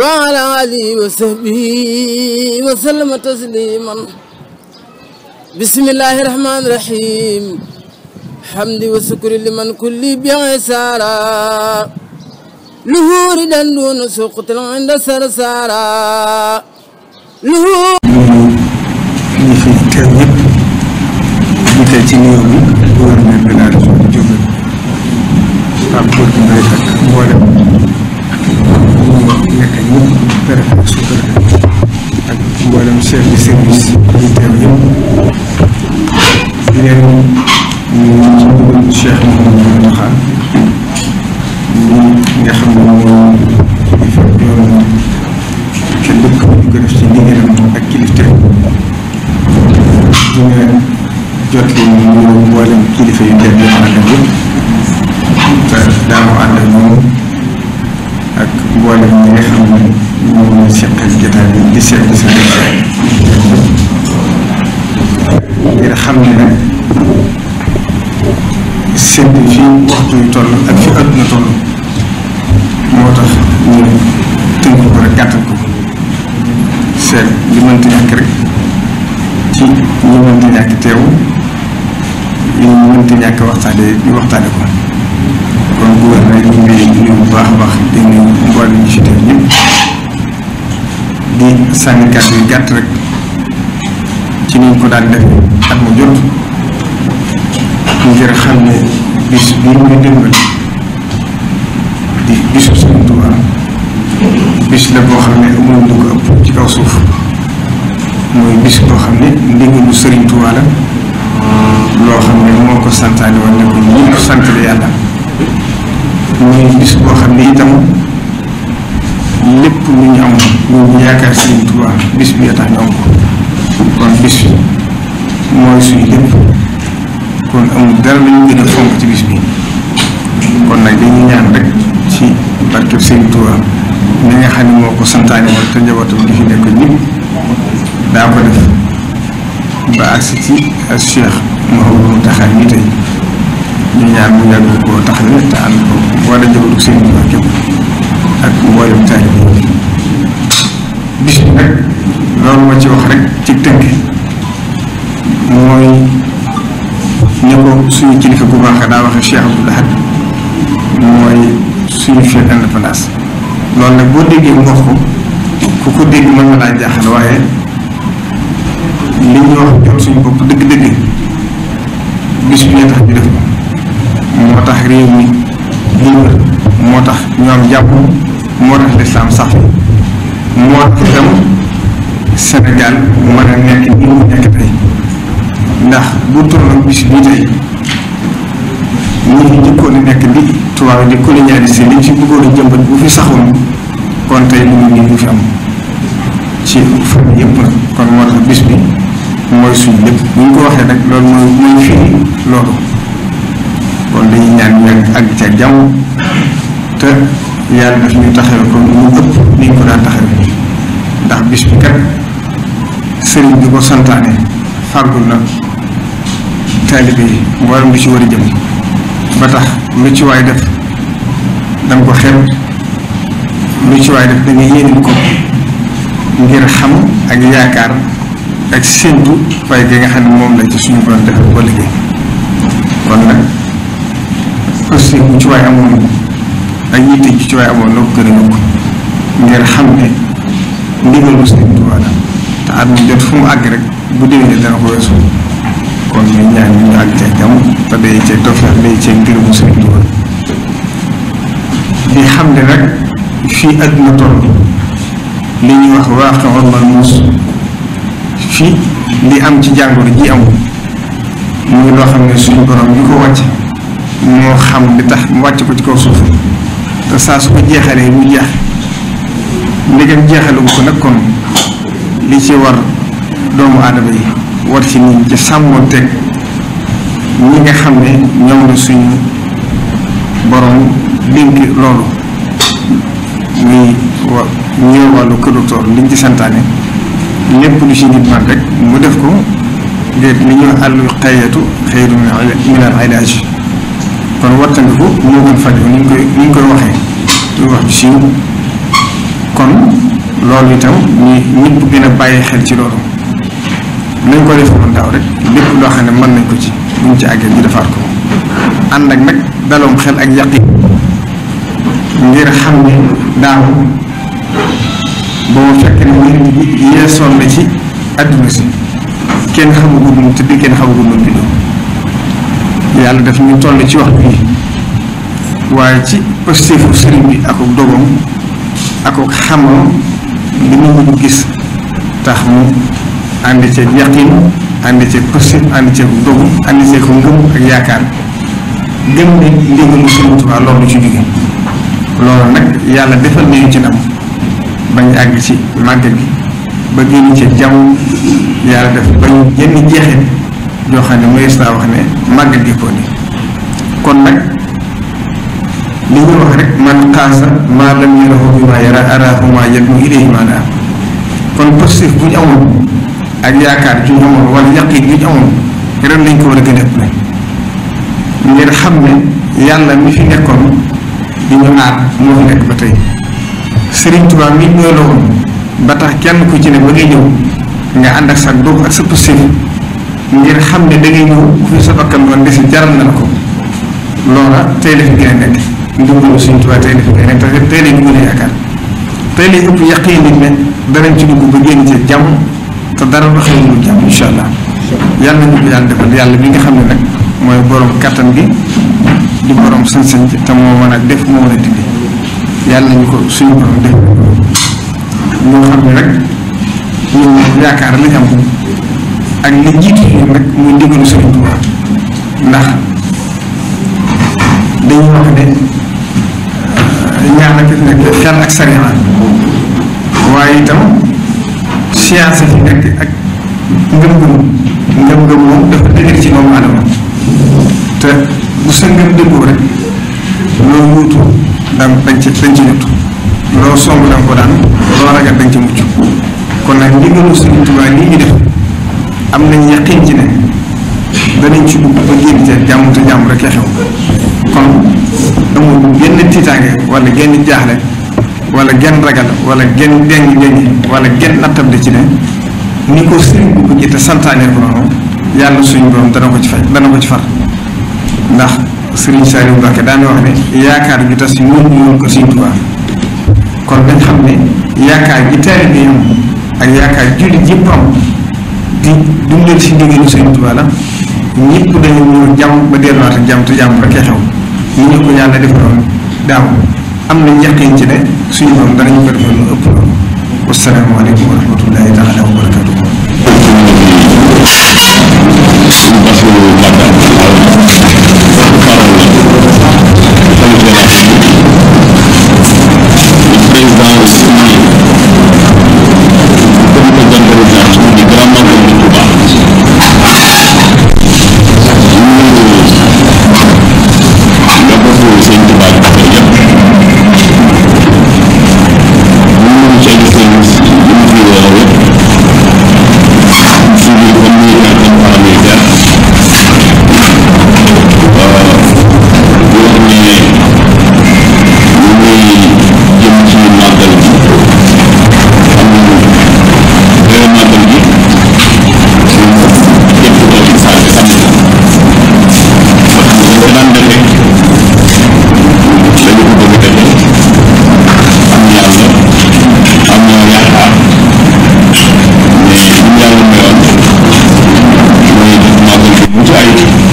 وعلى آله وصحبه وسلم تسليما بسم الله الرحمن الرحيم حمد وشكر لمن كل بعسارا لهور دندون سقط عند سرسارا لهور ci chef de service yi teew yëpp di leen nuyu nga xam ne moom yoon ci dëkk bi ko def ci ndigalam ak kilifte di jot li ñu mboolem kilifa yu teew yi ànd ak yëpp te daanu ak moom nga xam ne moom la seqal bi di seetlu sa xam ne nag sedd fii waxtu yu toll ak fi àdduna toll moo tax ñu tënk ko rek gàttal ko seet li mënti ñàkk rek ci ñi ñàkk teew yi ñàkk waxtaane ñu waxtaane ko kon gouverneur ñu ngi lay baax a baax di nuyu mboolem ñu fi teew di sànni kàddu yu gàtt rek ci niñ ko daan def ak mu jot ngir xam ne bis bii muy dimbal di bisu Sëriñ Tuubaa bis la boo xam ne amul lu ko ëpp ci kaw suuf mooy bis boo xam ne ndigalu Sëriñ Tuubaa loo xam ne moo ko santaane woon ne ko sant la yàlla mooy bis boo xam ne itam lépp lu ñu am ñu yaakaar Sëriñ Tuubaa bis bi tax ñu am ko kon bis bi mooy suñu lépp kon amul dara lu ñu gën a fonk ci bis bi kon nag dañuy ñaan rek ci barkeb Sëriñ Tuubaa mi nga xam ne moo ko santaane woon te njabootam di fi nekk ñëpp daa ko def ba agsi ci ak Cheikh Mouhamadou Mountakha mi tey ñu ñaan mu tax ne te ànd ko ak mboolem taalibe bis bi nag loolu ma ci wax rek ci tënk mooy ne ko suñu kilifa bu baax daa waxe Cheikh Abdoul Ahad mooy suñu fête indépendance loolu nag boo déggee ngox ko ku ko dégg mën na laa jaaxal waaye li ñu wax jot suñu bopp dëgg-dëgg bis bi ñu tax mu def ko moo tax réew mi moo tax ñu am jàpp moo tax lislaam sax moo itam Sénégal mën a nekk ni mu nekk tey ndax bu tolloon bis bi tey ñi fi jëkkoon nekk di tubaab di colonialiste liñ ci bëggoon a jëmbat bu fi saxoon kon tey lu mu fi am ci fan yëpp nag kon moo tax bis bi mooy suñu lépp bu ñu ko waxee nag loolu mooy mooy fii loolu kon dañuy ñaan ñaan ak ca jàmm te yàlla daf ñu taxawee ko mu ëpp ni ñu ko daan taxawee ndax bis bi kat sëriñ bi ko santaane fàggul na taalibe yi mboolem ci war a jëm ba tax lu ci waay def da ko xeeb lu ci waay def da nga ko ngir xam ak yaakaar ak séntu fay gi nga xam ne moom la ci suñu borom def ko liggéey kon nag aussi bu ci waay amoon ak ñi tëj ci waaye amoon na ko a yokk ngir xam ne ndigal bu Sëriñ Tuubaa la te at mu jot fu mu àgg rek bu de dana ko weesu kon ñu ñaan ñu ñu àgg ca xam ne rek fii àdduna toll li ñuy am ci jàngoro ji amul muy loo xam ne suñu borom ñu ko wàcc moo xam li tax mu wàcc ko ci kaw suuf te saa su ko jeexalee mu jeex ndegam jeexalugu ko nag kon li ci war doomu aadama yi war ci nit ci sàmmoon teg ñi nga xam ne ñoom la suñu borom dénk loolu muy wa ñëw wàllu kër docteur liñ ci santaane lépp lu ci nit man rek mu def ko ngir li ñuy àllu xayatu xayru min al ilaaj kon wattandiku moo gën faj ni ñu koy ni ñu koy waxee ñu wax siiw kon loolu itam ñi ñëpp gën a bàyyi xel ci loolu nañ ko def woon daaw rek lépp loo xam ne mën nañ ko ci buñ ci àggee ñu defaat ko ànd ak nag daloom xel ak yàqi ngir xam ne daaw boo fekk ne mbir yeesoon na ci adduna si kenn xamagul moom tëdd kenn xamagul moom bindoo yàlla daf ñu toll ci wax bi waaye ci pasteefu sëriñ bi ak ak dogoom ak ak xamoon mu ko gis tax mu ànd ceeg yaqin ànd ceeg pasteef ànd ceeg dogu ànd ceeg ngëm ak yaakaar gëm ne ndigalu Sëriñ Tuubaa loolu ci jóge loolu nag yàlla defal nañu ci ndam bañ àgg ci màggal gi ba génn ci jaww yàlla def bañ yenn jeexit yoo xam ne mënees naa wax ne màggal gi ko kon nag li ñu wax rek man xaasa maa lam yarahu bi maa yara araahu maa yadu ilayhi maa daa kon positif bu ñu amul ak yaakaar ju ñu amoon wala yaqiin bu ñu amoon ren lañ ko war a gën a ngir xam ne yàlla mi fi nekkoon di ñu aar moo fi nekk ba tey Sëriñ Tuubaa mi ñoo la woon ba tax kenn ku ci ne ba ngay ñëw nga ànd ak sa doom ak sa positif ngir xam ne da ngay ñëw fu sa bakkan doon desi jaral nañ ko loola tey la fi gën a nekk ndimbalu Sëriñ Tuubaa tey la fi gën nekk te tey a yaakaar tey lañ ëpp yaqin ne danañ ci dugg ba génn ci jàmm te dara lu xew lu jàmm incha allah yàlla ñu ko yàlla defal yàlla bi nga xam ne nag mooy borom kattan gi di borom sañ-sañ te moo mën a def moo mën a dindi yàlla ñu ko suñu borom def ñoo xam ne nag ñoom yaakaar li am. ak li jiitu ñun rek muy ndigalu Sëriñ Tuuba ndax dañuy wax ne euh, ñaan ak nekk fenn ak sariya waaye itam science fi nekk ak ngëm-ngëm moom dafa dëgër ci doomu aadama te bu sa ngëm dëggoo rek loo wuutu da dañ ci dañ ci ñuttu loo somb da nga ko daan loo ragal dañ ci mucc kon nag ndigalu Sëriñ Tuuba lii ñu def am nañ yaqin ci ne danañ ci dugg ba génn ca jàmm te jàmm rek a xew kon amul genn tiitaange wala genn wala genn ragal wala genn dengi wala genn nattab ci ne ko sëriñ bu yàlla suñu borom dana ko ci faj dana ko ci far ndax sëriñ Saliou Mbacké daanaka wax ne yaakaar ju tas ñoom ñoo ko Sëriñ Tuubaa kon dañ xam ne yaakaar ji taalibe yi am ak yaakaar jullit yëpp am. di dundal si ndigalu Sëriñ Tuubaa la ñëpp dañu ñëw jàmm ba delluwaat jàmm te jàmm rek xew ñu ñu ko yàlla defaloon daaw am na yaqin ci ne suñu borom danañ ko defal lu ëpp loolu. wasalaamaaleykum wa rahmatullahi wa barakatuh. président président di grand magal di Touba ci ay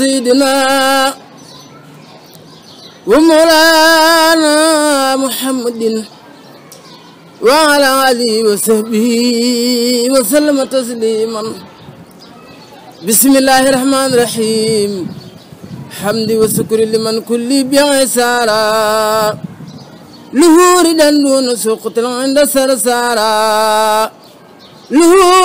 سيدنا ومولانا محمد وعلى آله وصحبه وسلم تسليما بسم الله الرحمن الرحيم حمد وشكر لمن كل بعسارا لهور دندون سقط عند سرسارا لهور